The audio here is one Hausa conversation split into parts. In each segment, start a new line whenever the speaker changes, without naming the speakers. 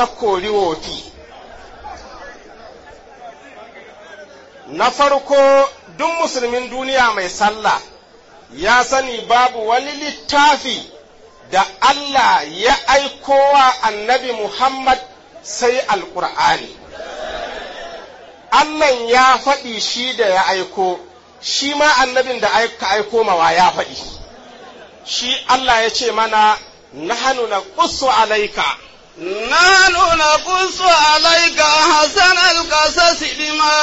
ta kori na farko duk musulmin duniya mai sallah ya sani babu wani littafi da Allah ya aikowa annabi Muhammad sai alkur'ani Allah ya faɗi shi da ya aiko, shi ma annabin da aka aiko mawa ya faɗi.
Shi Allah ya ce mana, nahanu na ƙusu alaika. نحن نقص عليك حسن القصص بما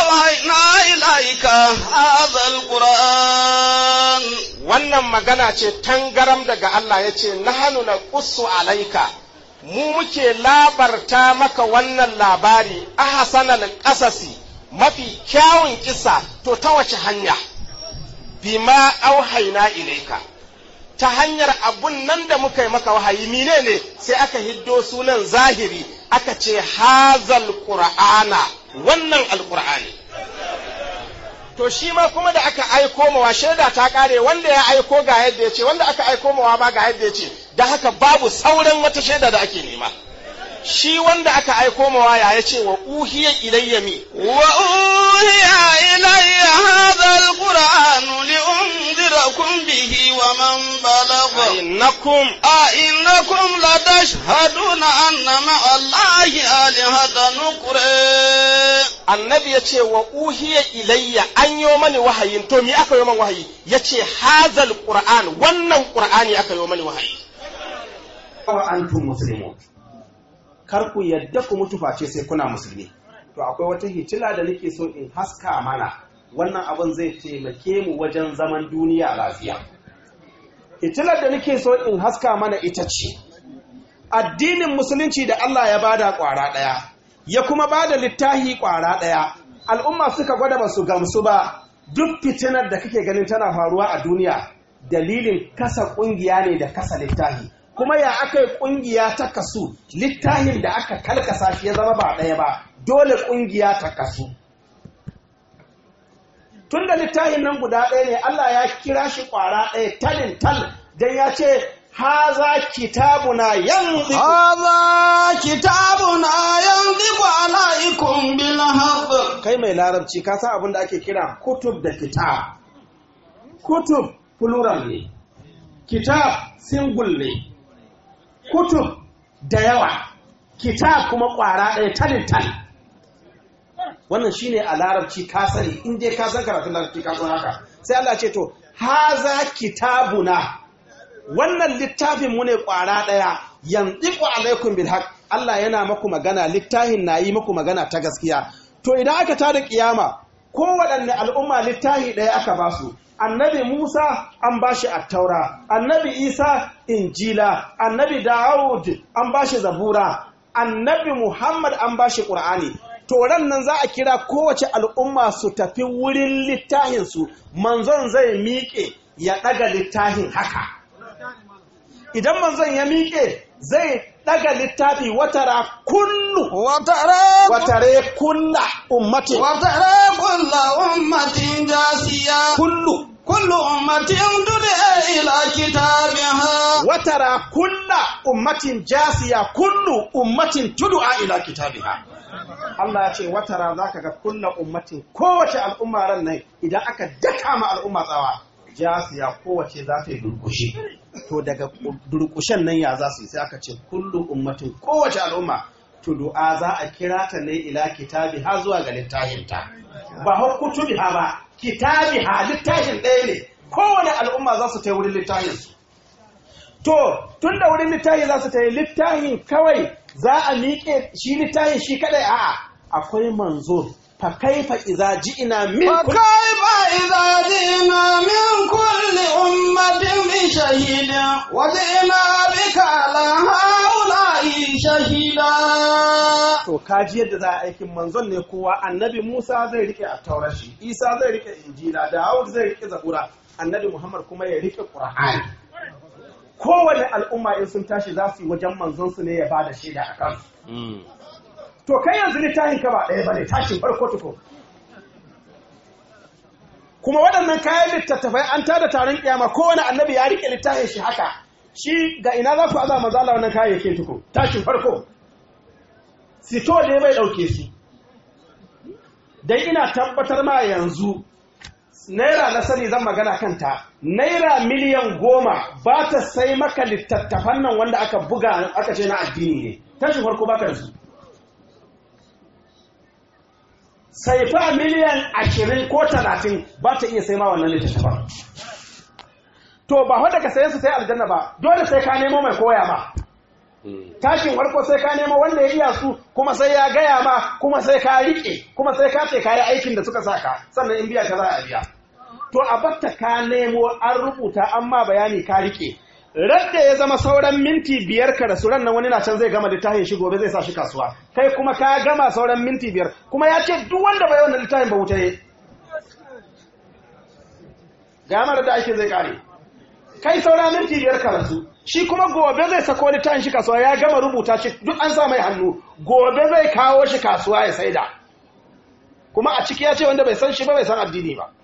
أوحينا إليك هذا القرآن wannan magana
ce tangaram daga Allah ya ce nahanu na ƙusu alaika mu muke labarta maka wannan labari a hasanan ƙasasi mafi kyawun kisa to ta wace hanya bima auhaina ilaika ta hanyar abun nan da muka yi maka wahayi mine ne sai aka hiddo sunan zahiri aka ce hazal qur'ana wannan alqur'ani to shi ma kuma da aka aiko mawa shaida ta kare wanda ya aiko ga yadda ya ce wanda aka aiko mawa ba ga yadda ya ce da haka babu sauran wata shaida da ake nema shi wanda aka aiko mawa ya ce wa uhiya ilayya mi wa
uhiya ilayya إنكم أئنكم لتشهدون أن مع الله آلهة نقر النبي يتي وأوهي
إلي أن يومني وحي تومي أكا يومن وحي يتي هذا القرآن ونن القرآن أكا يومني وحي وأنتم مسلمون kar ku yadda ku mutu face sai kuna musulmi to akwai wata hitila da nake so in haska mana wannan abin zai taimake mu wajen zaman duniya lafiya fitilar da nake so in haska mana ita ce addinin musulunci da Allah ya bada kwara ɗaya, ya kuma bada littahi kwara ɗaya, al'umma suka gwada ba gamsu ba duk fitinar da kake ganin tana faruwa a duniya dalilin kasa ƙungiya ne da kasa littahi kuma ya aka yi kungiya ta kasu littahin da aka kalkasa shi ya zama ba ɗaya ba dole ƙungiya ta kasu tun da littafin nan guda ɗaya ne Allah ya kira shi ƙwara ɗaya talin tal don ya ce haza kitabuna yanzu haza
kitabuna yanzu alaikum bil haqq
kai mai larabci ka san abin da ake kira kutub da kitab kutub plural ne kitab single ne kutub da yawa kitab kuma ƙwara ɗaya talin tal wannan shine a larabci ka sani in dai ka san karatun larabci ka san haka sai Allah ce to haza kitabuna wannan littafin mu ne kwara daya yanziqu alaikum bil Allah yana maku magana littafin na yi maku magana ta gaskiya to idan aka tada kiyama ko waɗanne al'umma littafi ɗaya aka ba su annabi musa an ba shi attaura annabi isa injila annabi dawud an ba shi zabura annabi muhammad an ba shi ƙur'ani Toron nan za a kira kowace al'umma su tafi wurin littahinsu manzon zai miƙe ya ɗaga littahin haka idan manzon ya miƙe zai daga littafi
watara kullu watare kulla ummati Watare kulla ummatin jasiya kullu kullu ummatin dude ila kitabiha watara kulla ummatin jasiya kullu
ummatin tud'a ila kitabiha Allah ya ce wata ra za ka ga kulla ummatin kowace al'umma ran nan idan aka daka ma al'umma tsawa ya kowace za ta yi durkushe to daga durkushen nan ya za su yi sai aka ce kullu ummatin kowace al'umma to du'a za a kira ta ne ila kitabi har zuwa ga littafin ta ba har kutubi ha ba kitabi ha littafin ɗaya ne kowane al'umma za su ta wurin littafin to tun da wurin littahi za su ta yi kawai za a miƙe shi littahi shi kadai a'a akwai manzo fa kaifa idza min fa kaifa idza ji'na min kulli ummatin
bi shahidin wa ji'na bika
shahida to kaji yadda za a aikin manzon ne kowa annabi Musa zai rike a taurashi Isa zai rike injila Dawud zai rike zabura annabi Muhammad kuma ya rike Qur'ani kowane al'umma in sun tashi za su yi wajen manzon su ne ya ba da shaida a kansu mm. to kai yanzu littafin ka ba ɗaya ba tashin farko tuko kuma waɗannan kayan littattafai an tada taron kiyama kowane annabi ya rike littafin shi haka shi ga ina za ku aza mazala wannan kayayyakin tuko tashin farko sito ne bai ɗauke su dan ina tabbatar ma yanzu naira na sani zan magana kanta naira miliyan goma ba ta sai maka littattafan nan wanda aka buga aka ce na addini ne tashin farko baka da su saifa miliyan ashirin ko talatin ba ta iya sai ma wannan littattafan to ba wanda ka saye su sai aljanna ba dole sai ka nemo mai koya ba tashin warko sai ka nemo wanda ya iya su kuma sai ya gaya ma kuma sai ka riƙe kuma sai ka ce ka aikin da suka saka sannan in biya ka za a biya to a batta ka nemo an rubuta an ma bayani ka riƙe radda ya zama sauran minti biyar ka da suran nan wani na can zai gama littafin shi gobe zai sa shi kasuwa kai kuma ka gama sauran minti biyar kuma ya ce duk wanda bai wannan littafin ba wuce ne gamar da ake zai kare kai saura minti biyar karatu shi kuma gobe zai sako littafin shi kasuwa ya gama rubuta shi duk an sa mai hannu gobe zai kawo shi kasuwa ya saida kuma a ciki ya ce wanda bai san
shi ba bai san addini ba